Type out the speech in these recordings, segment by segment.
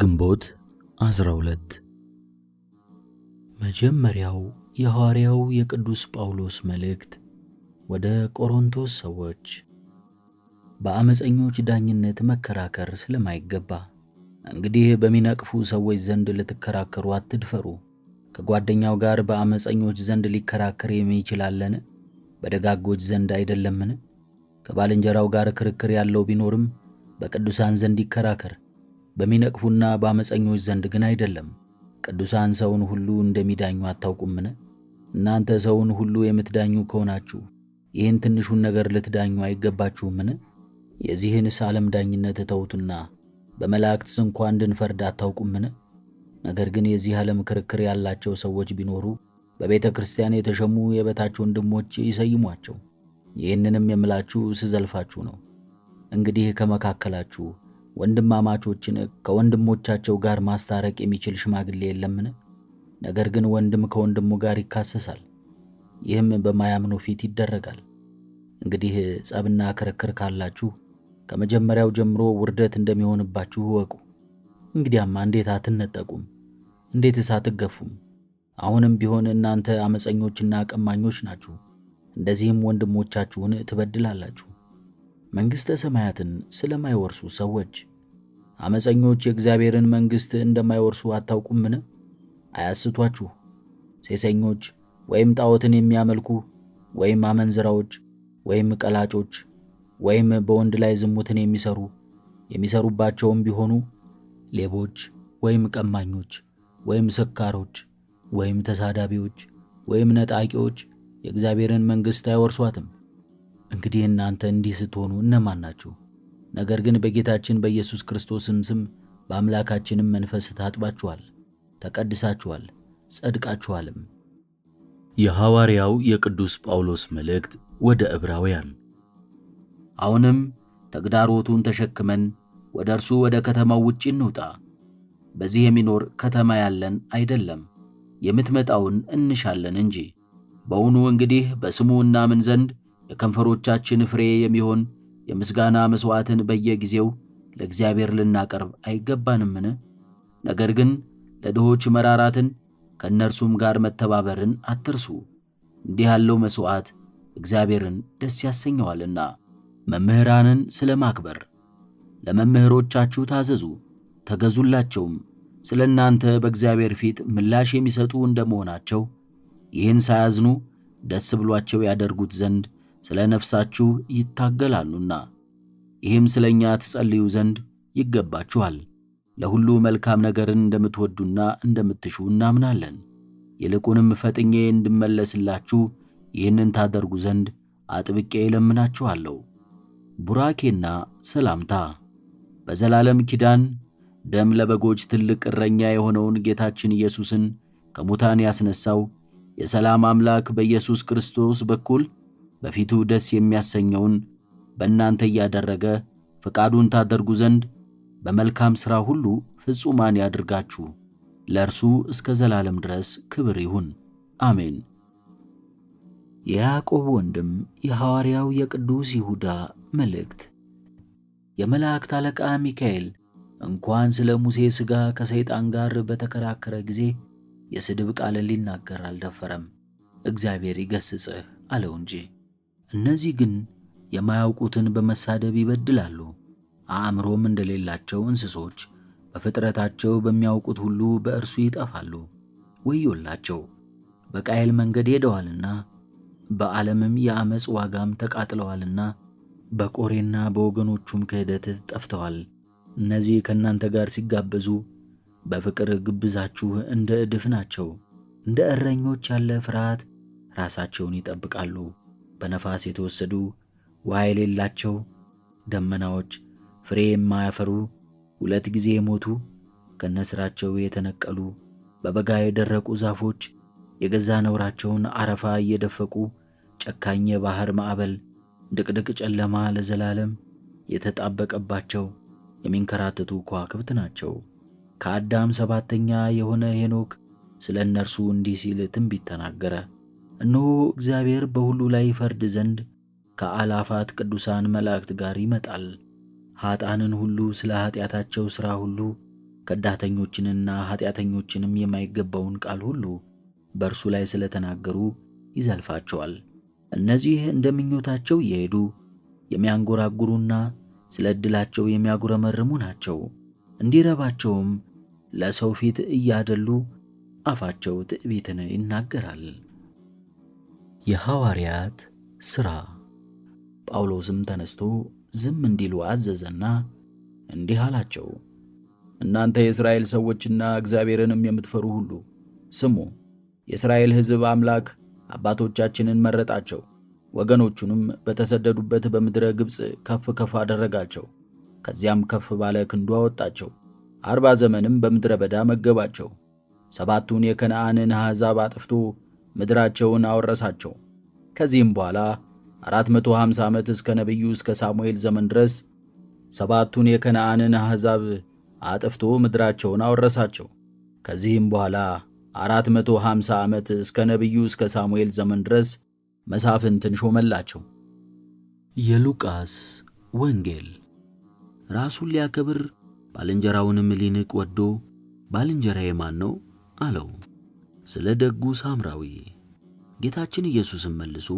ግንቦት 12 መጀመሪያው የሐዋርያው የቅዱስ ጳውሎስ መልእክት ወደ ቆሮንቶስ ሰዎች። በአመፀኞች ዳኝነት መከራከር ስለማይገባ እንግዲህ በሚነቅፉ ሰዎች ዘንድ ልትከራከሩ አትድፈሩ። ከጓደኛው ጋር በአመፀኞች ዘንድ ሊከራከር የሚችላለን በደጋጎች ዘንድ አይደለምን? ከባልንጀራው ጋር ክርክር ያለው ቢኖርም በቅዱሳን ዘንድ ይከራከር። በሚነቅፉና በአመፀኞች ዘንድ ግን አይደለም። ቅዱሳን ሰውን ሁሉ እንደሚዳኙ አታውቁምን? እናንተ ሰውን ሁሉ የምትዳኙ ከሆናችሁ ይህን ትንሹን ነገር ልትዳኙ አይገባችሁምን? የዚህንስ ዓለም ዳኝነት እተውትና በመላእክትስ እንኳ እንድንፈርድ አታውቁምን? ነገር ግን የዚህ ዓለም ክርክር ያላቸው ሰዎች ቢኖሩ በቤተ ክርስቲያን የተሸሙ የበታች ወንድሞች ይሰይሟቸው። ይህንንም የምላችሁ ስዘልፋችሁ ነው። እንግዲህ ከመካከላችሁ ወንድማማቾችን ከወንድሞቻቸው ጋር ማስታረቅ የሚችል ሽማግሌ የለምን? ነገር ግን ወንድም ከወንድሙ ጋር ይካሰሳል፣ ይህም በማያምኑ ፊት ይደረጋል። እንግዲህ ጸብና ክርክር ካላችሁ ከመጀመሪያው ጀምሮ ውርደት እንደሚሆንባችሁ እወቁ። እንግዲያማ እንዴት አትነጠቁም? እንዴትስ አትገፉም? አሁንም ቢሆን እናንተ አመፀኞችና ቀማኞች ናችሁ። እንደዚህም ወንድሞቻችሁን ትበድላላችሁ። መንግሥተ ሰማያትን ስለማይወርሱ ሰዎች አመፀኞች የእግዚአብሔርን መንግሥት እንደማይወርሱ አታውቁምን? አያስቷችሁ። ሴሰኞች ወይም ጣዖትን የሚያመልኩ ወይም አመንዝራዎች ወይም ቀላጮች ወይም በወንድ ላይ ዝሙትን የሚሰሩ የሚሰሩባቸውም ቢሆኑ ሌቦች ወይም ቀማኞች ወይም ስካሮች ወይም ተሳዳቢዎች ወይም ነጣቂዎች የእግዚአብሔርን መንግሥት አይወርሷትም። እንግዲህ እናንተ እንዲህ ስትሆኑ እነማን ናችሁ? ነገር ግን በጌታችን በኢየሱስ ክርስቶስም ስም በአምላካችንም መንፈስ ታጥባችኋል፣ ተቀድሳችኋል፣ ጸድቃችኋልም። የሐዋርያው የቅዱስ ጳውሎስ መልእክት ወደ ዕብራውያን። አሁንም ተግዳሮቱን ተሸክመን ወደ እርሱ ወደ ከተማው ውጭ እንውጣ። በዚህ የሚኖር ከተማ ያለን አይደለም፣ የምትመጣውን እንሻለን እንጂ። በውኑ እንግዲህ በስሙ እናምን ዘንድ የከንፈሮቻችን ፍሬ የሚሆን የምስጋና መሥዋዕትን በየጊዜው ለእግዚአብሔር ልናቀርብ አይገባንምን? ነገር ግን ለድሆች መራራትን ከእነርሱም ጋር መተባበርን አትርሱ። እንዲህ ያለው መሥዋዕት እግዚአብሔርን ደስ ያሰኘዋልና። መምህራንን ስለ ማክበር ለመምህሮቻችሁ ታዘዙ፣ ተገዙላቸውም ስለ እናንተ በእግዚአብሔር ፊት ምላሽ የሚሰጡ እንደመሆናቸው ይህን ሳያዝኑ ደስ ብሏቸው ያደርጉት ዘንድ ስለ ነፍሳችሁ ይታገላሉና ይህም ስለ እኛ ትጸልዩ ዘንድ ይገባችኋል። ለሁሉ መልካም ነገርን እንደምትወዱና እንደምትሹ እናምናለን። ይልቁንም ፈጥኜ እንድመለስላችሁ ይህንን ታደርጉ ዘንድ አጥብቄ እለምናችኋለሁ። ቡራኬና ሰላምታ በዘላለም ኪዳን ደም ለበጎች ትልቅ እረኛ የሆነውን ጌታችን ኢየሱስን ከሙታን ያስነሣው የሰላም አምላክ በኢየሱስ ክርስቶስ በኩል በፊቱ ደስ የሚያሰኘውን በእናንተ እያደረገ ፈቃዱን ታደርጉ ዘንድ በመልካም ሥራ ሁሉ ፍጹማን ያድርጋችሁ። ለእርሱ እስከ ዘላለም ድረስ ክብር ይሁን፣ አሜን። የያዕቆብ ወንድም የሐዋርያው የቅዱስ ይሁዳ መልእክት። የመላእክት አለቃ ሚካኤል እንኳን ስለ ሙሴ ሥጋ ከሰይጣን ጋር በተከራከረ ጊዜ የስድብ ቃልን ሊናገር አልደፈረም፣ እግዚአብሔር ይገስጽህ አለው እንጂ። እነዚህ ግን የማያውቁትን በመሳደብ ይበድላሉ። አእምሮም እንደሌላቸው እንስሶች በፍጥረታቸው በሚያውቁት ሁሉ በእርሱ ይጠፋሉ። ወዮላቸው! በቃየል መንገድ ሄደዋልና በዓለምም የአመፅ ዋጋም ተቃጥለዋልና በቆሬና በወገኖቹም ክህደት ጠፍተዋል። እነዚህ ከእናንተ ጋር ሲጋበዙ በፍቅር ግብዛችሁ እንደ እድፍ ናቸው። እንደ እረኞች ያለ ፍርሃት ራሳቸውን ይጠብቃሉ። በነፋስ የተወሰዱ ውሃ የሌላቸው ደመናዎች፣ ፍሬ የማያፈሩ ሁለት ጊዜ የሞቱ ከነስራቸው የተነቀሉ በበጋ የደረቁ ዛፎች የገዛ ነውራቸውን አረፋ እየደፈቁ ጨካኝ የባህር ማዕበል ድቅድቅ ጨለማ ለዘላለም የተጣበቀባቸው የሚንከራተቱ ከዋክብት ናቸው። ከአዳም ሰባተኛ የሆነ ሄኖክ ስለ እነርሱ እንዲህ ሲል ትንቢት ተናገረ። እነሆ እግዚአብሔር በሁሉ ላይ ይፈርድ ዘንድ ከአላፋት ቅዱሳን መላእክት ጋር ይመጣል። ኀጣንን ሁሉ ስለ ኀጢአታቸው ሥራ ሁሉ ከዳተኞችንና ኀጢአተኞችንም የማይገባውን ቃል ሁሉ በእርሱ ላይ ስለ ተናገሩ ይዘልፋቸዋል። እነዚህ እንደ ምኞታቸው እየሄዱ የሚያንጎራጉሩና ስለ ዕድላቸው የሚያጉረመርሙ ናቸው። እንዲረባቸውም ለሰው ፊት እያደሉ አፋቸው ትዕቢትን ይናገራል። የሐዋርያት ሥራ። ጳውሎስም ተነስቶ ዝም እንዲሉ አዘዘና እንዲህ አላቸው፣ እናንተ የእስራኤል ሰዎችና እግዚአብሔርንም የምትፈሩ ሁሉ ስሙ። የእስራኤል ሕዝብ አምላክ አባቶቻችንን መረጣቸው፣ ወገኖቹንም በተሰደዱበት በምድረ ግብፅ ከፍ ከፍ አደረጋቸው። ከዚያም ከፍ ባለ ክንዱ አወጣቸው። አርባ ዘመንም በምድረ በዳ መገባቸው። ሰባቱን የከነዓንን አሕዛብ አጥፍቶ ምድራቸውን አወረሳቸው። ከዚህም በኋላ 450 ዓመት እስከ ነቢዩ እስከ ሳሙኤል ዘመን ድረስ ሰባቱን የከነዓንን አሕዛብ አጥፍቶ ምድራቸውን አወረሳቸው። ከዚህም በኋላ 450 ዓመት እስከ ነቢዩ እስከ ሳሙኤል ዘመን ድረስ መሳፍንትን ሾመላቸው። የሉቃስ ወንጌል ራሱን ሊያከብር ባልንጀራውንም ሊንቅ ወዶ ባልንጀራዬ ማን ነው አለው። ስለ ደጉ ሳምራዊ ጌታችን ኢየሱስም መልሶ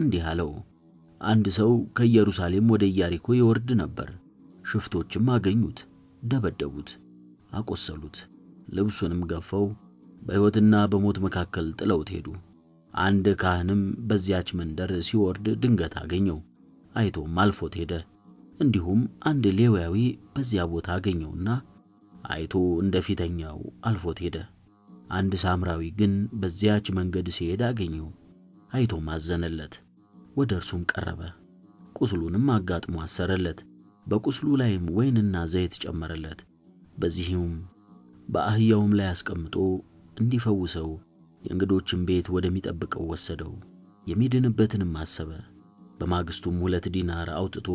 እንዲህ አለው። አንድ ሰው ከኢየሩሳሌም ወደ ኢያሪኮ ይወርድ ነበር። ሽፍቶችም አገኙት፣ ደበደቡት፣ አቆሰሉት፣ ልብሱንም ገፈው በሕይወትና በሞት መካከል ጥለውት ሄዱ። አንድ ካህንም በዚያች መንደር ሲወርድ ድንገት አገኘው፣ አይቶም አልፎት ሄደ። እንዲሁም አንድ ሌዋዊ በዚያ ቦታ አገኘውና አይቶ እንደ ፊተኛው አልፎት ሄደ። አንድ ሳምራዊ ግን በዚያች መንገድ ሲሄድ አገኘው። አይቶም አዘነለት። ወደ እርሱም ቀረበ። ቁስሉንም አጋጥሞ አሰረለት። በቁስሉ ላይም ወይንና ዘይት ጨመረለት። በዚህም በአህያውም ላይ አስቀምጦ እንዲፈውሰው የእንግዶችን ቤት ወደሚጠብቀው ወሰደው። የሚድንበትንም አሰበ። በማግስቱም ሁለት ዲናር አውጥቶ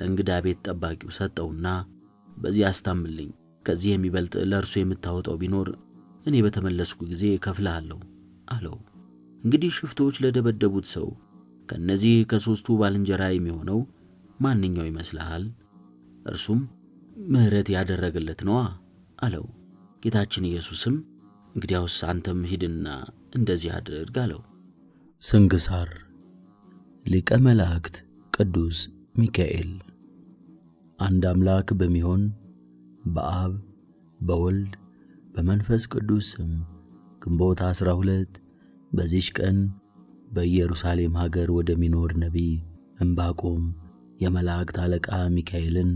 ለእንግዳ ቤት ጠባቂው ሰጠውና በዚህ አስታምልኝ፣ ከዚህ የሚበልጥ ለእርሱ የምታወጣው ቢኖር እኔ በተመለስኩ ጊዜ እከፍልሃለሁ አለው። እንግዲህ ሽፍቶች ለደበደቡት ሰው ከእነዚህ ከሦስቱ ባልንጀራ የሚሆነው ማንኛው ይመስልሃል? እርሱም ምሕረት ያደረገለት ነዋ አለው። ጌታችን ኢየሱስም እንግዲያውስ አንተም ሂድና እንደዚህ አድርግ አለው። ስንክሳር ሊቀ መላእክት ቅዱስ ሚካኤል። አንድ አምላክ በሚሆን በአብ በወልድ በመንፈስ ቅዱስ ስም ግንቦት ዐሥራ ሁለት በዚች ቀን በኢየሩሳሌም ሀገር ወደሚኖር ነቢይ እምባቆም የመላእክት አለቃ ሚካኤልን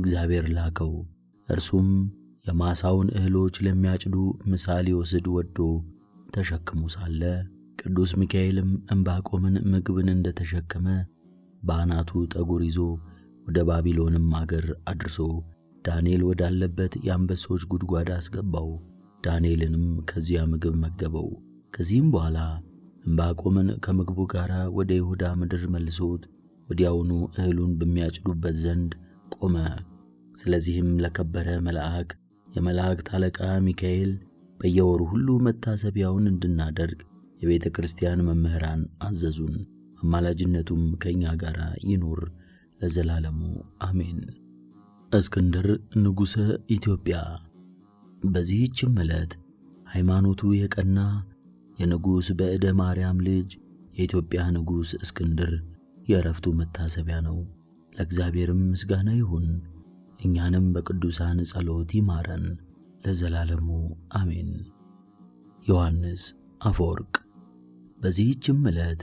እግዚአብሔር ላከው። እርሱም የማሳውን እህሎች ለሚያጭዱ ምሳ ሊወስድ ወዶ ተሸክሞ ሳለ ቅዱስ ሚካኤልም እንባቆምን ምግብን እንደተሸከመ በአናቱ ጠጉር ይዞ ወደ ባቢሎንም አገር አድርሶ ዳንኤል ወዳለበት የአንበሶች ጉድጓድ አስገባው። ዳንኤልንም ከዚያ ምግብ መገበው። ከዚህም በኋላ እንባቆምን ከምግቡ ጋር ወደ ይሁዳ ምድር መልሶት ወዲያውኑ እህሉን በሚያጭዱበት ዘንድ ቆመ። ስለዚህም ለከበረ መልአክ የመላእክት አለቃ ሚካኤል በየወሩ ሁሉ መታሰቢያውን እንድናደርግ የቤተ ክርስቲያን መምህራን አዘዙን። አማላጅነቱም ከእኛ ጋር ይኑር ለዘላለሙ አሜን። እስክንድር ንጉሠ ኢትዮጵያ። በዚህችም ዕለት ሃይማኖቱ የቀና የንጉሥ በዕደ ማርያም ልጅ የኢትዮጵያ ንጉሥ እስክንድር የእረፍቱ መታሰቢያ ነው። ለእግዚአብሔርም ምስጋና ይሁን፣ እኛንም በቅዱሳን ጸሎት ይማረን ለዘላለሙ አሜን። ዮሐንስ አፈወርቅ። በዚህችም ዕለት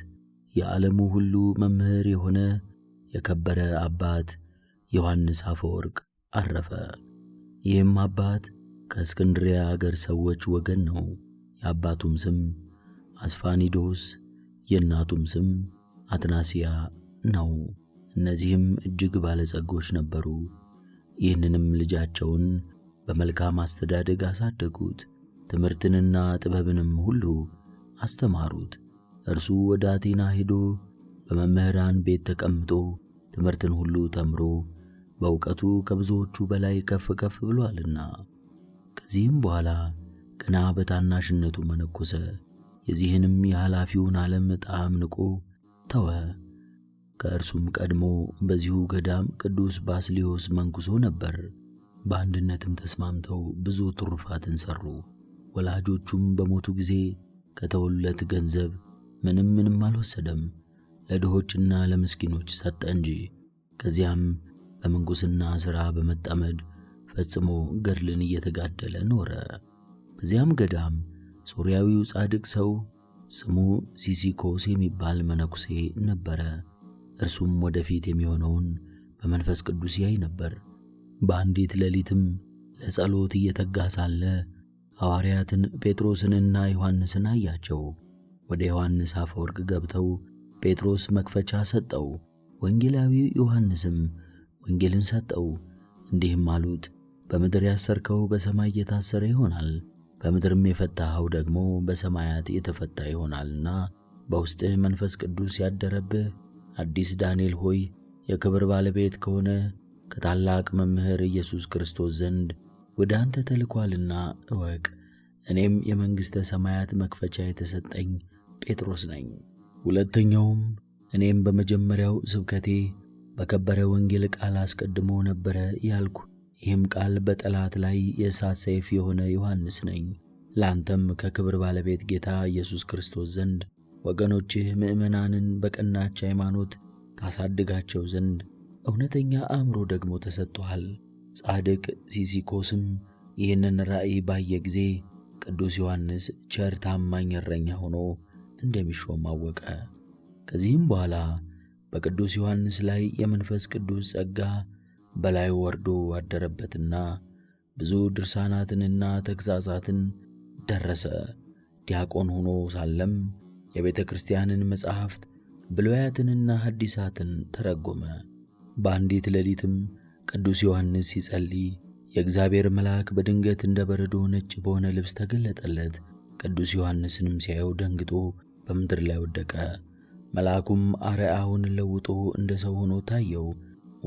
የዓለሙ ሁሉ መምህር የሆነ የከበረ አባት ዮሐንስ አፈወርቅ አረፈ። ይህም አባት ከእስክንድሪያ አገር ሰዎች ወገን ነው። የአባቱም ስም አስፋኒዶስ የእናቱም ስም አትናሲያ ነው። እነዚህም እጅግ ባለጸጎች ነበሩ። ይህንንም ልጃቸውን በመልካም አስተዳደግ አሳደጉት። ትምህርትንና ጥበብንም ሁሉ አስተማሩት። እርሱ ወደ አቴና ሄዶ በመምህራን ቤት ተቀምጦ ትምህርትን ሁሉ ተምሮ በእውቀቱ ከብዙዎቹ በላይ ከፍ ከፍ ብሏልና። ከዚህም በኋላ ገና በታናሽነቱ መነኮሰ። የዚህንም የኃላፊውን ዓለም ጣዕም ንቆ ተወ። ከእርሱም ቀድሞ በዚሁ ገዳም ቅዱስ ባስሊዮስ መንኩሶ ነበር። በአንድነትም ተስማምተው ብዙ ትሩፋትን ሠሩ። ወላጆቹም በሞቱ ጊዜ ከተወለት ገንዘብ ምንም ምንም አልወሰደም፣ ለድሆችና ለምስኪኖች ሰጠ እንጂ። ከዚያም በምንኩስና ሥራ በመጠመድ ፈጽሞ ገድልን እየተጋደለ ኖረ። በዚያም ገዳም ሶርያዊው ጻድቅ ሰው ስሙ ሲሲኮስ የሚባል መነኩሴ ነበረ። እርሱም ወደፊት የሚሆነውን በመንፈስ ቅዱስ ያይ ነበር። በአንዲት ሌሊትም ለጸሎት እየተጋ ሳለ ሐዋርያትን ጴጥሮስንና ዮሐንስን አያቸው። ወደ ዮሐንስ አፈወርቅ ገብተው ጴጥሮስ መክፈቻ ሰጠው፣ ወንጌላዊው ዮሐንስም ወንጌልን ሰጠው፣ እንዲህም አሉት በምድር ያሰርከው በሰማይ የታሰረ ይሆናል፣ በምድርም የፈታኸው ደግሞ በሰማያት የተፈታ ይሆናልና በውስጥህ መንፈስ ቅዱስ ያደረብህ አዲስ ዳንኤል ሆይ የክብር ባለቤት ከሆነ ከታላቅ መምህር ኢየሱስ ክርስቶስ ዘንድ ወደ አንተ ተልኳልና እወቅ። እኔም የመንግሥተ ሰማያት መክፈቻ የተሰጠኝ ጴጥሮስ ነኝ። ሁለተኛውም እኔም በመጀመሪያው ስብከቴ በከበረ ወንጌል ቃል አስቀድሞ ነበረ ያልኩ። ይህም ቃል በጠላት ላይ የእሳት ሰይፍ የሆነ ዮሐንስ ነኝ። ለአንተም ከክብር ባለቤት ጌታ ኢየሱስ ክርስቶስ ዘንድ ወገኖችህ ምእመናንን በቀናች ሃይማኖት ታሳድጋቸው ዘንድ እውነተኛ አእምሮ ደግሞ ተሰጥቶሃል። ጻድቅ ሲሲኮስም ይህንን ራእይ ባየ ጊዜ ቅዱስ ዮሐንስ ቸር ታማኝ እረኛ ሆኖ እንደሚሾም አወቀ። ከዚህም በኋላ በቅዱስ ዮሐንስ ላይ የመንፈስ ቅዱስ ጸጋ በላዩ ወርዶ አደረበትና ብዙ ድርሳናትንና ተግሣጻትን ደረሰ። ዲያቆን ሆኖ ሳለም የቤተ ክርስቲያንን መጻሕፍት ብሉያትንና ሐዲሳትን ተረጎመ። በአንዲት ሌሊትም ቅዱስ ዮሐንስ ሲጸልይ የእግዚአብሔር መልአክ በድንገት እንደ በረዶ ነጭ በሆነ ልብስ ተገለጠለት። ቅዱስ ዮሐንስንም ሲያየው ደንግጦ በምድር ላይ ወደቀ። መልአኩም አርአያውን ለውጦ እንደ ሰው ሆኖ ታየው።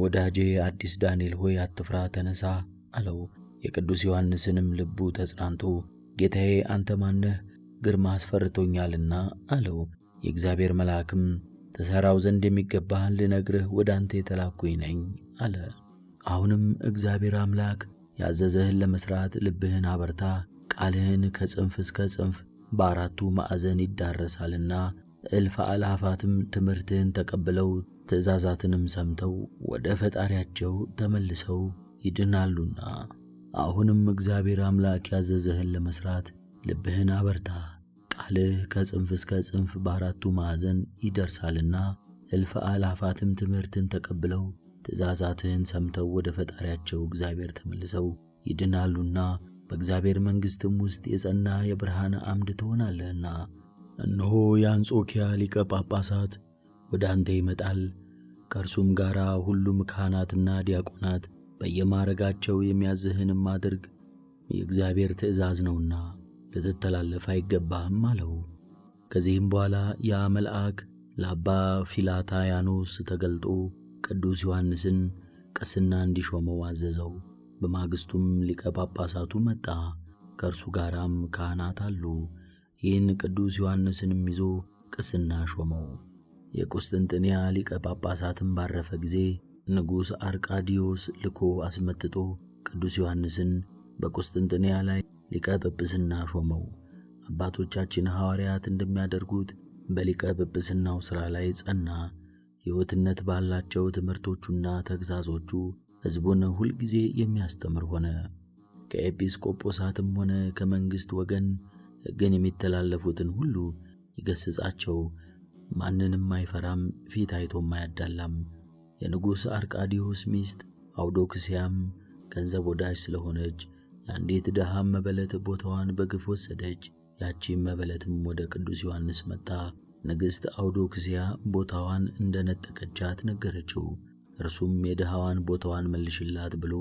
ወዳጄ አዲስ ዳንኤል ሆይ አትፍራ፣ ተነሳ አለው። የቅዱስ ዮሐንስንም ልቡ ተጽናንቶ ጌታዬ አንተ ማነህ? ግርማ አስፈርቶኛልና አለው። የእግዚአብሔር መልአክም ተሠራው ዘንድ የሚገባህን ልነግርህ ወደ አንተ የተላኩኝ ነኝ አለ። አሁንም እግዚአብሔር አምላክ ያዘዘህን ለመሥራት ልብህን አበርታ፣ ቃልህን ከጽንፍ እስከ ጽንፍ በአራቱ ማዕዘን ይዳረሳልና እልፍ አእላፋትም ትምህርትህን ተቀብለው ትእዛዛትንም ሰምተው ወደ ፈጣሪያቸው ተመልሰው ይድናሉና። አሁንም እግዚአብሔር አምላክ ያዘዘህን ለመሥራት ልብህን አበርታ። ቃልህ ከጽንፍ እስከ ጽንፍ በአራቱ ማዕዘን ይደርሳልና እልፍ አእላፋትም ትምህርትን ተቀብለው ትእዛዛትህን ሰምተው ወደ ፈጣሪያቸው እግዚአብሔር ተመልሰው ይድናሉና በእግዚአብሔር መንግሥትም ውስጥ የጸና የብርሃን አምድ ትሆናለህና እነሆ የአንጾኪያ ሊቀ ጳጳሳት ወደ አንተ ይመጣል፣ ከእርሱም ጋር ሁሉም ካህናትና ዲያቆናት በየማረጋቸው የሚያዝህንም አድርግ፣ የእግዚአብሔር ትእዛዝ ነውና ልትተላለፍ አይገባህም አለው። ከዚህም በኋላ ያ መልአክ ለአባ ፊላታያኖስ ተገልጦ ቅዱስ ዮሐንስን ቅስና እንዲሾመው አዘዘው። በማግስቱም ሊቀ ጳጳሳቱ መጣ፣ ከእርሱ ጋራም ካህናት አሉ። ይህን ቅዱስ ዮሐንስንም ይዞ ቅስና ሾመው። የቁስጥንጥንያ ሊቀ ጳጳሳትን ባረፈ ጊዜ ንጉሥ አርቃዲዮስ ልኮ አስመጥቶ ቅዱስ ዮሐንስን በቁስጥንጥንያ ላይ ሊቀ ጵጵስና ሾመው። አባቶቻችን ሐዋርያት እንደሚያደርጉት በሊቀ ጵጵስናው ሥራ ላይ ጸና። ሕይወትነት ባላቸው ትምህርቶቹና ተግሣጾቹ ሕዝቡን ሁልጊዜ የሚያስተምር ሆነ። ከኤጲስቆጶሳትም ሆነ ከመንግሥት ወገን ሕግን የሚተላለፉትን ሁሉ ይገስጻቸው። ማንንም አይፈራም፣ ፊት አይቶም አያዳላም። የንጉሥ አርቃዲዮስ ሚስት አውዶክስያም ገንዘብ ወዳጅ ስለሆነች የአንዲት ድሃም መበለት ቦታዋን በግፍ ወሰደች። ያቺም መበለትም ወደ ቅዱስ ዮሐንስ መጣ። ንግሥት አውዶክስያ ቦታዋን እንደነጠቀቻት ነገረችው። እርሱም የድሃዋን ቦታዋን መልሽላት ብሎ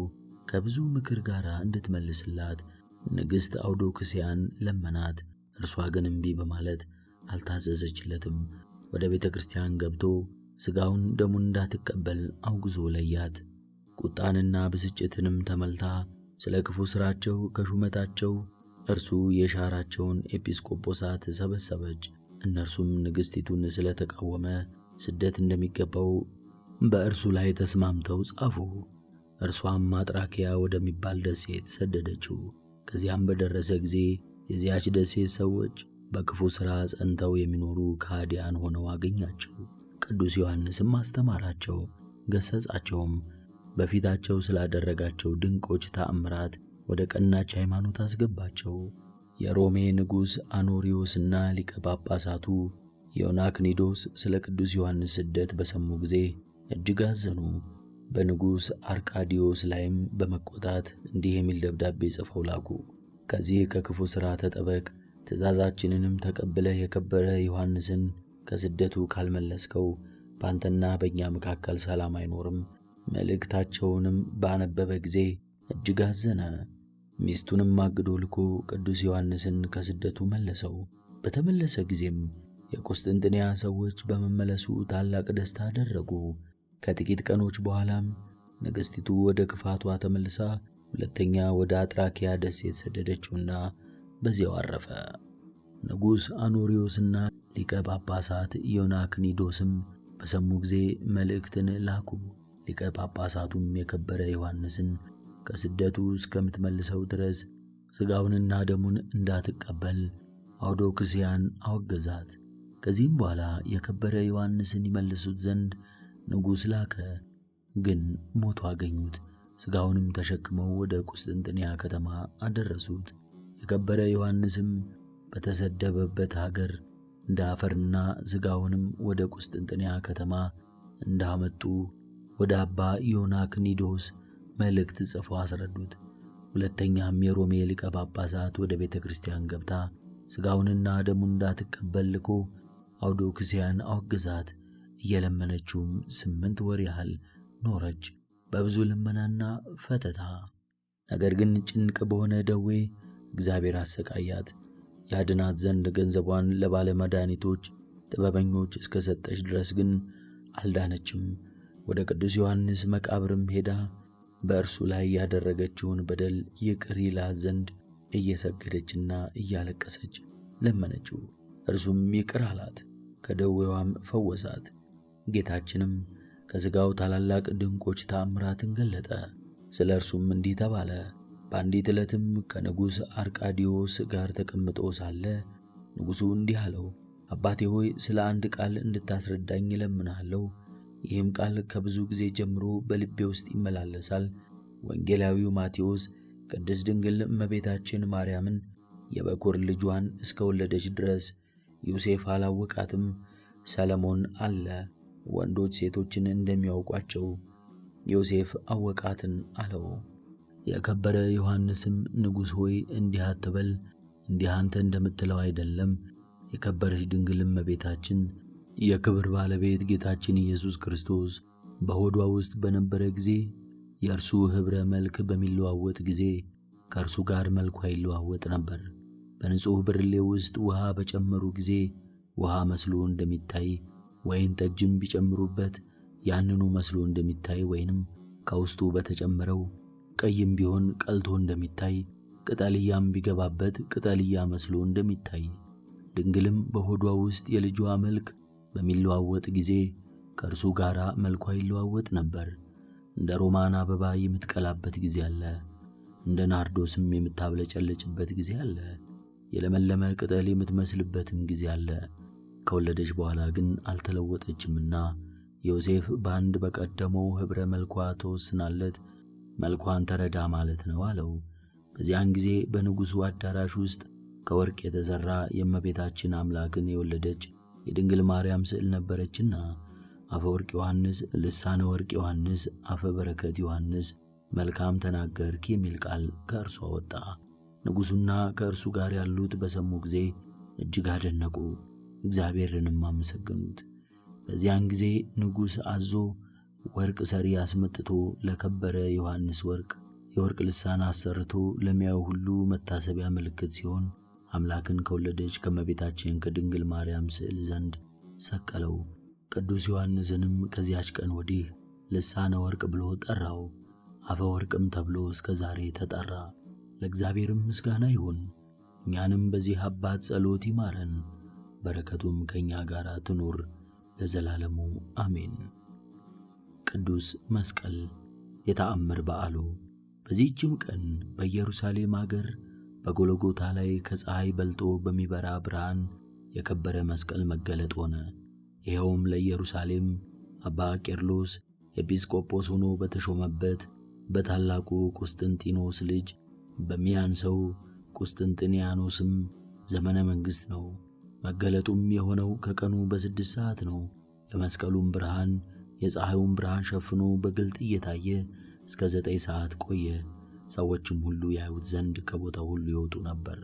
ከብዙ ምክር ጋር እንድትመልስላት ንግሥት አውዶክስያን ለመናት። እርሷ ግን እምቢ በማለት አልታዘዘችለትም። ወደ ቤተ ክርስቲያን ገብቶ ሥጋውን ደሙን እንዳትቀበል አውግዞ ለያት። ቁጣንና ብስጭትንም ተመልታ ስለ ክፉ ሥራቸው ከሹመታቸው እርሱ የሻራቸውን ኤጲስቆጶሳት ሰበሰበች። እነርሱም ንግሥቲቱን ስለተቃወመ ስደት እንደሚገባው በእርሱ ላይ ተስማምተው ጻፉ። እርሷም ማጥራኪያ ወደሚባል ደሴት ሰደደችው። ከዚያም በደረሰ ጊዜ የዚያች ደሴት ሰዎች በክፉ ሥራ ጸንተው የሚኖሩ ካዲያን ሆነው አገኛቸው። ቅዱስ ዮሐንስም አስተማራቸው፣ ገሰጻቸውም በፊታቸው ስላደረጋቸው ድንቆች ተአምራት ወደ ቀናች ሃይማኖት አስገባቸው። የሮሜ ንጉሥ አኖሪዮስና ሊቀ ጳጳሳቱ ዮናክኒዶስ ስለ ቅዱስ ዮሐንስ ስደት በሰሙ ጊዜ እጅግ አዘኑ። በንጉሥ አርቃዲዮስ ላይም በመቆጣት እንዲህ የሚል ደብዳቤ ጽፈው ላኩ። ከዚህ ከክፉ ሥራ ተጠበቅ፣ ትእዛዛችንንም ተቀብለህ የከበረ ዮሐንስን ከስደቱ ካልመለስከው በአንተና በእኛ መካከል ሰላም አይኖርም። መልእክታቸውንም ባነበበ ጊዜ እጅግ አዘነ። ሚስቱንም አግዶ ልኮ ቅዱስ ዮሐንስን ከስደቱ መለሰው። በተመለሰ ጊዜም የቁስጥንጥንያ ሰዎች በመመለሱ ታላቅ ደስታ አደረጉ። ከጥቂት ቀኖች በኋላም ንግሥቲቱ ወደ ክፋቷ ተመልሳ ሁለተኛ ወደ አጥራኪያ ደሴት ሰደደችውና በዚያው አረፈ። ንጉሥ አኖሪዮስና ሊቀ ጳጳሳት ዮናክኒዶስም በሰሙ ጊዜ መልእክትን ላኩ። ሊቀ ጳጳሳቱም የከበረ ዮሐንስን ከስደቱ እስከምትመልሰው ድረስ ሥጋውንና ደሙን እንዳትቀበል አውዶክስያን አወገዛት። ከዚህም በኋላ የከበረ ዮሐንስን ይመልሱት ዘንድ ንጉሥ ላከ፣ ግን ሞቶ አገኙት። ሥጋውንም ተሸክመው ወደ ቁስጥንጥንያ ከተማ አደረሱት። የከበረ ዮሐንስም በተሰደበበት ሀገር እንደ አፈርና ሥጋውንም ወደ ቁስጥንጥንያ ከተማ እንዳመጡ ወደ አባ ክኒዶስ መልእክት ጽፎ አስረዱት። ሁለተኛም የሮሜ ሊቀ ጳጳሳት ወደ ቤተ ክርስቲያን ገብታ ሥጋውንና ደሙን እንዳትቀበል ልኮ አውዶክስያን አወግዛት። እየለመነችውም ስምንት ወር ያህል ኖረች በብዙ ልመናና ፈተታ። ነገር ግን ጭንቅ በሆነ ደዌ እግዚአብሔር አሰቃያት። ያድናት ዘንድ ገንዘቧን ለባለ መድኃኒቶች ጥበበኞች እስከ ሰጠች ድረስ ግን አልዳነችም። ወደ ቅዱስ ዮሐንስ መቃብርም ሄዳ በእርሱ ላይ ያደረገችውን በደል ይቅር ይላት ዘንድ እየሰገደችና እያለቀሰች ለመነችው። እርሱም ይቅር አላት፣ ከደዌዋም ፈወሳት። ጌታችንም ከሥጋው ታላላቅ ድንቆች ተአምራትን ገለጠ። ስለ እርሱም እንዲህ ተባለ። በአንዲት ዕለትም ከንጉሥ አርቃዲዮስ ጋር ተቀምጦ ሳለ ንጉሡ እንዲህ አለው፣ አባቴ ሆይ ስለ አንድ ቃል እንድታስረዳኝ እለምንሃለሁ። ይህም ቃል ከብዙ ጊዜ ጀምሮ በልቤ ውስጥ ይመላለሳል። ወንጌላዊው ማቴዎስ ቅድስት ድንግል እመቤታችን ማርያምን የበኩር ልጇን እስከ ወለደች ድረስ ዮሴፍ አላወቃትም፣ ሰለሞን አለ ወንዶች ሴቶችን እንደሚያውቋቸው ዮሴፍ አወቃትን አለው። የከበረ ዮሐንስም ንጉሥ ሆይ እንዲህ አትበል፣ እንዲህ አንተ እንደምትለው አይደለም። የከበረች ድንግል እመቤታችን የክብር ባለቤት ጌታችን ኢየሱስ ክርስቶስ በሆዷ ውስጥ በነበረ ጊዜ የእርሱ ኅብረ መልክ በሚለዋወጥ ጊዜ ከእርሱ ጋር መልኳ ይለዋወጥ ነበር። በንጹሕ ብርሌ ውስጥ ውሃ በጨመሩ ጊዜ ውሃ መስሎ እንደሚታይ ወይን ጠጅም ቢጨምሩበት ያንኑ መስሎ እንደሚታይ ወይንም ከውስጡ በተጨመረው ቀይም ቢሆን ቀልቶ እንደሚታይ ቅጠልያም ቢገባበት ቅጠልያ መስሎ እንደሚታይ ድንግልም በሆዷ ውስጥ የልጇ መልክ በሚለዋወጥ ጊዜ ከእርሱ ጋር መልኳ ይለዋወጥ ነበር። እንደ ሮማን አበባ የምትቀላበት ጊዜ አለ፣ እንደ ናርዶስም የምታብለጨለጭበት ጊዜ አለ፣ የለመለመ ቅጠል የምትመስልበትም ጊዜ አለ። ከወለደች በኋላ ግን አልተለወጠችምና ዮሴፍ በአንድ በቀደመው ኅብረ መልኳ ተወስናለት መልኳን ተረዳ ማለት ነው አለው። በዚያን ጊዜ በንጉሡ አዳራሽ ውስጥ ከወርቅ የተሠራ የእመቤታችን አምላክን የወለደች የድንግል ማርያም ስዕል ነበረችና አፈ ወርቅ ዮሐንስ፣ ልሳነ ወርቅ ዮሐንስ፣ አፈ በረከት ዮሐንስ መልካም ተናገርክ የሚል ቃል ከእርሷ ወጣ። ንጉሡና ከእርሱ ጋር ያሉት በሰሙ ጊዜ እጅግ አደነቁ። እግዚአብሔርንም አመሰገኑት። በዚያን ጊዜ ንጉሥ አዞ ወርቅ ሰሪ አስመጥቶ ለከበረ ዮሐንስ ወርቅ የወርቅ ልሳን አሰርቶ ለሚያዩ ሁሉ መታሰቢያ ምልክት ሲሆን አምላክን ከወለደች ከመቤታችን ከድንግል ማርያም ስዕል ዘንድ ሰቀለው። ቅዱስ ዮሐንስንም ከዚያች ቀን ወዲህ ልሳነ ወርቅ ብሎ ጠራው። አፈ ወርቅም ተብሎ እስከ ዛሬ ተጠራ። ለእግዚአብሔርም ምስጋና ይሁን። እኛንም በዚህ አባት ጸሎት ይማረን። በረከቱም ከእኛ ጋር ትኑር ለዘላለሙ አሜን። ቅዱስ መስቀል የተአምር በዓሉ በዚህችም ቀን በኢየሩሳሌም አገር በጎለጎታ ላይ ከፀሐይ በልጦ በሚበራ ብርሃን የከበረ መስቀል መገለጥ ሆነ። ይኸውም ለኢየሩሳሌም አባ ቄርሎስ ኤጲስቆጶስ ሆኖ በተሾመበት በታላቁ ቁስጥንጢኖስ ልጅ በሚያንሰው ቁስጥንጥንያኖስም ዘመነ መንግሥት ነው። መገለጡም የሆነው ከቀኑ በስድስት ሰዓት ነው። የመስቀሉን ብርሃን የፀሐዩን ብርሃን ሸፍኖ በግልጥ እየታየ እስከ ዘጠኝ ሰዓት ቆየ። ሰዎችም ሁሉ ያዩት ዘንድ ከቦታው ሁሉ ይወጡ ነበር።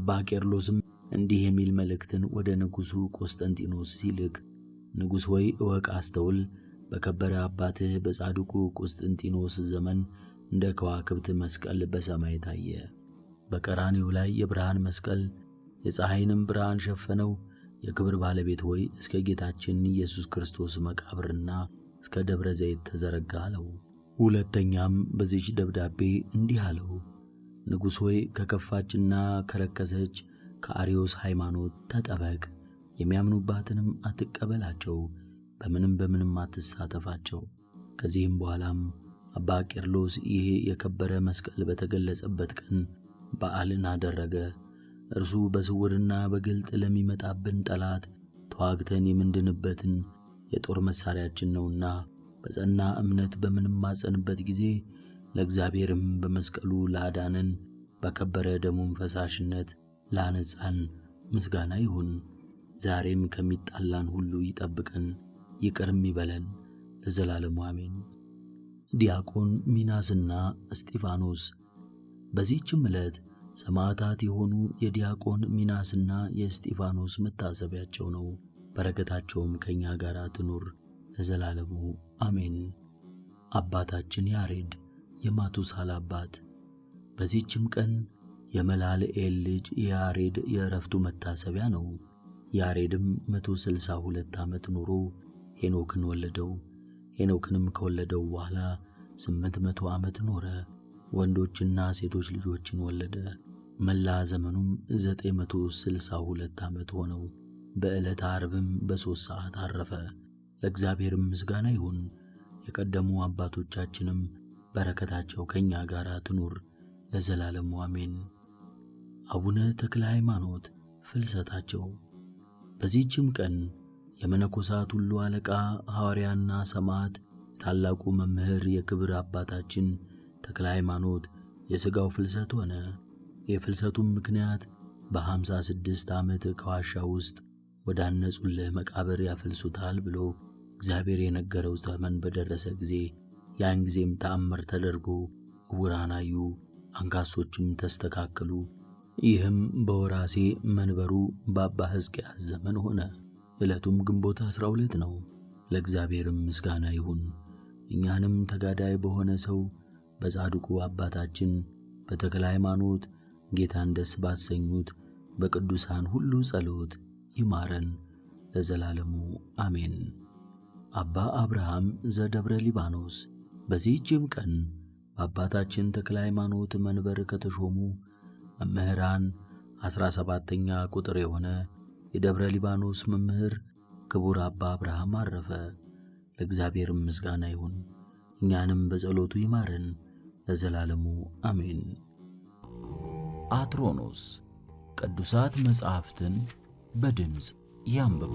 አባ ቄርሎስም እንዲህ የሚል መልእክትን ወደ ንጉሡ ቆስጠንጢኖስ ሲልክ፣ ንጉሥ ሆይ እወቅ፣ አስተውል። በከበረ አባትህ በጻድቁ ቁስጥንጢኖስ ዘመን እንደ ከዋክብት መስቀል በሰማይ ታየ። በቀራኔው ላይ የብርሃን መስቀል የፀሐይንም ብርሃን ሸፈነው። የክብር ባለቤት ሆይ እስከ ጌታችን ኢየሱስ ክርስቶስ መቃብርና እስከ ደብረ ዘይት ተዘረጋ አለው። ሁለተኛም በዚች ደብዳቤ እንዲህ አለው፣ ንጉሥ ሆይ ከከፋችና ከረከሰች ከአርዮስ ሃይማኖት ተጠበቅ። የሚያምኑባትንም አትቀበላቸው፣ በምንም በምንም አትሳተፋቸው። ከዚህም በኋላም አባ ቄርሎስ ይሄ የከበረ መስቀል በተገለጸበት ቀን በዓልን አደረገ። እርሱ በስውርና በግልጥ ለሚመጣብን ጠላት ተዋግተን የምንድንበትን የጦር መሣሪያችን ነውና በጸና እምነት በምንማጸንበት ጊዜ ለእግዚአብሔርም በመስቀሉ ላዳንን በከበረ ደሙም ፈሳሽነት ላነጻን ምስጋና ይሁን። ዛሬም ከሚጣላን ሁሉ ይጠብቀን፣ ይቅርም ይበለን ለዘላለሙ አሜን። ዲያቆን ሚናስና እስጢፋኖስ በዚህችም ዕለት ሰማዕታት የሆኑ የዲያቆን ሚናስና የእስጢፋኖስ መታሰቢያቸው ነው። በረከታቸውም ከእኛ ጋር ትኑር ለዘላለሙ አሜን። አባታችን ያሬድ የማቱሳል አባት። በዚህችም ቀን የመላልኤል ልጅ የያሬድ የእረፍቱ መታሰቢያ ነው። ያሬድም 162 ዓመት ኑሮ ሄኖክን ወለደው። ሄኖክንም ከወለደው በኋላ 800 ዓመት ኖረ። ወንዶችና ሴቶች ልጆችን ወለደ። መላ ዘመኑም 962 ዓመት ሆነው። በዕለተ ዓርብም በሦስት ሰዓት አረፈ። ለእግዚአብሔር ምስጋና ይሁን። የቀደሙ አባቶቻችንም በረከታቸው ከእኛ ጋር ትኑር ለዘላለሙ አሜን። አቡነ ተክለ ሃይማኖት ፍልሰታቸው። በዚህችም ቀን የመነኮሳት ሁሉ አለቃ ሐዋርያና ሰማዕት ታላቁ መምህር የክብር አባታችን ተክለ ሃይማኖት የሥጋው ፍልሰት ሆነ። የፍልሰቱም ምክንያት በሐምሳ ስድስት ዓመት ከዋሻ ውስጥ ወዳነጹልህ መቃብር ያፈልሱታል ብሎ እግዚአብሔር የነገረው ዘመን በደረሰ ጊዜ ያን ጊዜም ተአምር ተደርጎ ዕውራን አዩ፣ አንካሶችም ተስተካከሉ። ይህም በወራሴ መንበሩ በአባ ሕዝቅያስ ዘመን ሆነ። ዕለቱም ግንቦት 12 ነው። ለእግዚአብሔርም ምስጋና ይሁን። እኛንም ተጋዳይ በሆነ ሰው በጻድቁ አባታችን በተክለ ሃይማኖት ጌታን ደስ ባሰኙት በቅዱሳን ሁሉ ጸሎት ይማረን ለዘላለሙ አሜን። አባ አብርሃም ዘደብረ ሊባኖስ በዚህችም ቀን በአባታችን ተክለ ሃይማኖት መንበር ከተሾሙ መምህራን ዐሥራ ሰባተኛ ቁጥር የሆነ የደብረ ሊባኖስ መምህር ክቡር አባ አብርሃም አረፈ። ለእግዚአብሔር ምስጋና ይሁን፣ እኛንም በጸሎቱ ይማረን ለዘላለሙ አሜን። አትሮኖስ ቅዱሳት መጻሕፍትን በድምፅ ያንብቡ።